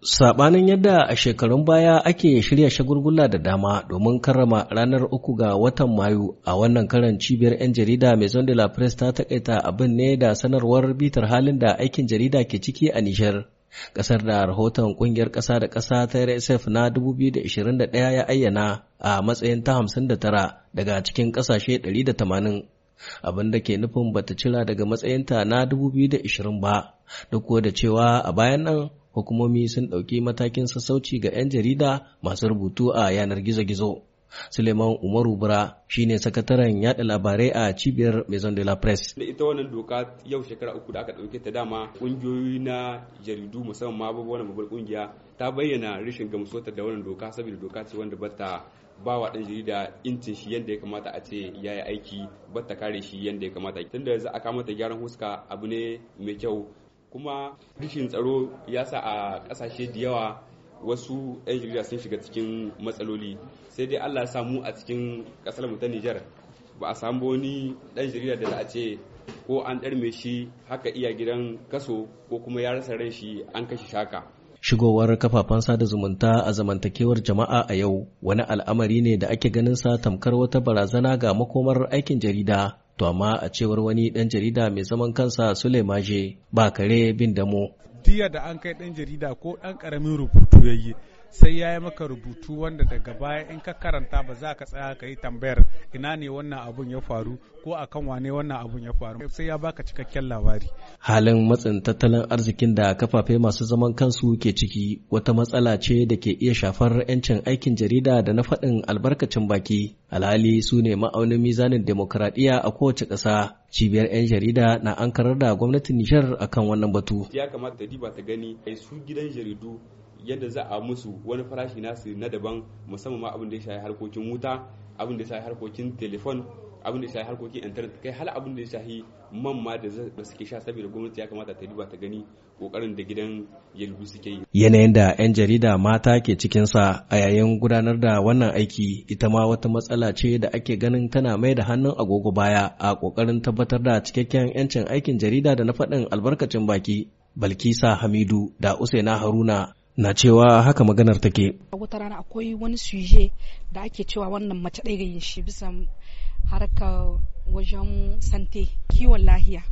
Sabanin yadda a shekarun baya ake shirya shagulgula da dama domin karrama ranar uku ga watan Mayu a wannan karan cibiyar 'yan jarida Maison de la Presse ta takaita abin ne da sanarwar bitar halin da aikin jarida ke ciki a Nijar. Ƙasar da rahoton ƙungiyar ƙasa da kasa ta RSF na 2021 ya ayyana a matsayin ta 59 daga cikin ƙasashe 180. abin da ke nufin bata cira daga matsayinta na 2020 ba, duk da cewa a bayan nan hukumomi sun ɗauki matakin sassauci ga 'yan jarida masu rubutu a yanar gizo-gizo. Suleiman Umaru Bura ne sakataren yada labarai a cibiyar Maison de la Presse. Da ita wannan doka yau shekara uku da aka ɗauke ta dama ƙungiyoyi na jaridu musamman ma wani babbar ƙungiya ta bayyana rashin gamsuwar da wannan doka saboda doka ce wanda bata ba wa ɗan jarida incin shi yadda ya kamata a ce ya yi aiki bata kare shi yadda ya kamata tunda yanzu aka mata gyaran huska abu ne mai kyau kuma rashin tsaro ya sa a kasashe da yawa wasu 'yan jarida sun shiga cikin matsaloli sai dai allah samu a cikin kasar mu ta nijar ba a samu wani dan jarida da za a ce ko an ɗarme shi haka iya gidan kaso ko kuma ya rasa ran shi an kashe shaka shigowar kafafen sada zumunta a zamantakewar jama'a a yau wani al'amari ne da ake ganin sa tamkar wata barazana ga makomar aikin jarida To amma a cewar wani ɗan jarida mai zaman kansa Sule ba kare bin damo. diya da an kai ɗan jarida ko ɗan ƙaramin rubutu yayi sai ya yi maka rubutu wanda daga baya in ka karanta ba za ka tsaya ka yi tambayar ina ne wannan abun ya faru ko a kan wane wannan abun ya faru sai ya baka cikakken labari. Halin matsin tattalin arzikin da kafafe masu zaman kansu ke ciki wata matsala ce da ke iya shafar 'yancin aikin jarida da na faɗin albarkacin baki alhali su ne ma'aunin mizanin demokradiyya a kowace ƙasa cibiyar 'yan jarida na an ankarar da gwamnatin nishar akan wannan batu ya kamata diba ta gani ai su gidan jaridu yadda za a musu wani farashi nasu na daban musamman ma abin da ya shafi harkokin wuta abin da ya shafi harkokin telefon abin da shahi harkokin internet kai hal abin da shahi man ma da suke sha saboda gwamnati ya kamata ta duba ta gani kokarin da gidan yalbu suke yi yanayin da yan jarida mata ke cikin sa a yayin gudanar da wannan aiki ita ma wata matsala ce da ake ganin tana mai da hannun agogo baya a kokarin tabbatar da cikakken yancin aikin jarida da na faɗin albarkacin baki Balkisa Hamidu da Usaina Haruna na cewa haka maganar take. Wata rana akwai wani suje da ake cewa wannan mace ɗaya ga yin shi bisa harka wajen sante kiwon lahiya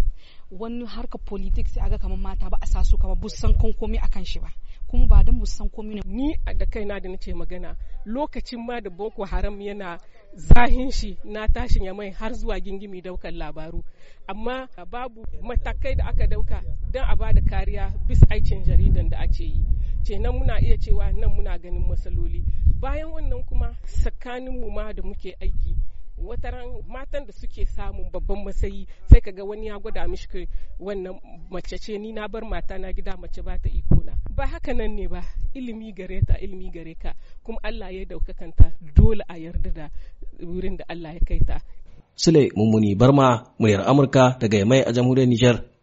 wani harka politics aga kamar mata ba a sa su kamar busan kan a kan shi ba kuma ba don busan komi ne ni da na da nace magana lokacin ma da boko haram yana zahin shi na tashin ya mai har zuwa gingimi daukar labaru amma babu matakai da aka dauka don a bada kariya bis aikin jaridan da ake yi kenan muna iya cewa nan muna ganin matsaloli bayan wannan kuma tsakanin mu ma da muke aiki wataran matan da suke samun babban matsayi sai kaga wani ya gwada mishi wannan mace ce ni na bar mata na gida mace ba ta iko na ba haka nan ne ba ilimi gare ta ilimi gare ka kuma Allah ya daukakanta dole a yarda da wurin da Allah ya kai ta Sule Mummuni Barma muryar Amurka daga Yamai a jamhuriyar Nijar